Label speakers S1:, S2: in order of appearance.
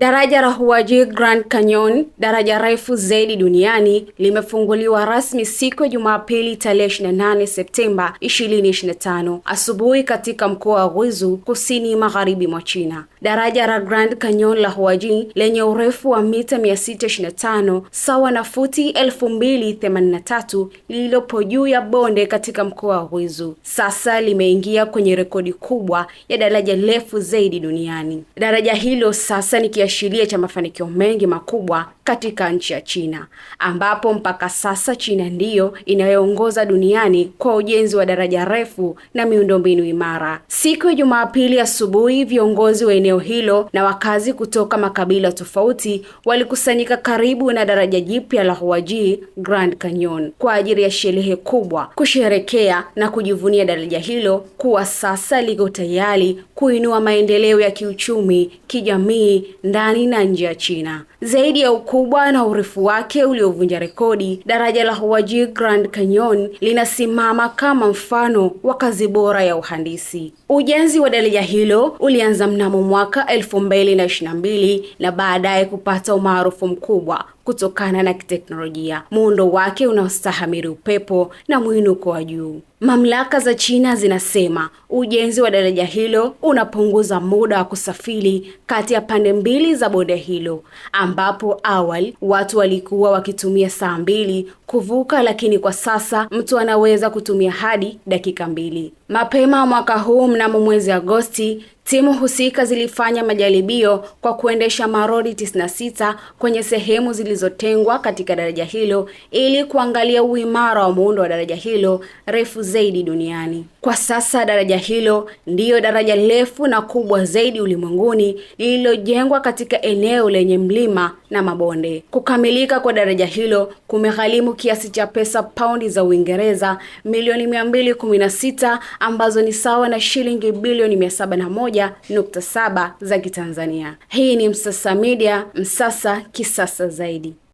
S1: Daraja la Huaji Grand Canyon, daraja refu zaidi duniani, limefunguliwa rasmi siku ya Jumapili tarehe 28 Septemba 2025 asubuhi katika mkoa wa Guizhou, kusini magharibi mwa China. Daraja la Grand Canyon la Huaji lenye urefu wa mita 625 sawa na futi 2083 lililopo juu ya bonde katika mkoa wa Guizhou, sasa limeingia kwenye rekodi kubwa ya daraja refu zaidi duniani. Daraja hilo sasa ni kiashiria cha mafanikio mengi makubwa katika nchi ya China ambapo mpaka sasa China ndiyo inayoongoza duniani kwa ujenzi wa daraja refu na miundombinu imara. Siku ya Jumapili asubuhi, viongozi wa eneo hilo na wakazi kutoka makabila tofauti walikusanyika karibu na daraja jipya la Huaji Grand Canyon kwa ajili ya sherehe kubwa, kusherekea na kujivunia daraja hilo kuwa sasa liko tayari kuinua maendeleo ya kiuchumi, kijamii ndani na nje ya China. Zaidi ya ukubwa na urefu wake uliovunja rekodi, daraja la Huaji Grand Canyon linasimama kama mfano wa kazi bora ya uhandisi. Ujenzi wa daraja hilo ulianza mnamo mwaka 2022 na baadaye kupata umaarufu mkubwa kutokana na kiteknolojia, muundo wake unaostahamiri upepo na mwinuko wa juu. Mamlaka za China zinasema ujenzi wa daraja hilo unapunguza muda wa kusafiri kati ya pande mbili za bonde hilo, ambapo awali watu walikuwa wakitumia saa mbili kuvuka, lakini kwa sasa mtu anaweza kutumia hadi dakika mbili. Mapema mwaka huu mnamo mwezi Agosti, timu husika zilifanya majaribio kwa kuendesha maroli 96 kwenye sehemu zilizotengwa katika daraja hilo ili kuangalia uimara wa muundo wa daraja hilo refu zaidi duniani. Kwa sasa daraja hilo ndiyo daraja refu na kubwa zaidi ulimwenguni lililojengwa katika eneo lenye mlima na mabonde. Kukamilika kwa daraja hilo kumegharimu kiasi cha pesa paundi za Uingereza milioni 216 ambazo ni sawa na shilingi bilioni 701.7 za Kitanzania. Hii ni Msasa Media, Msasa kisasa zaidi.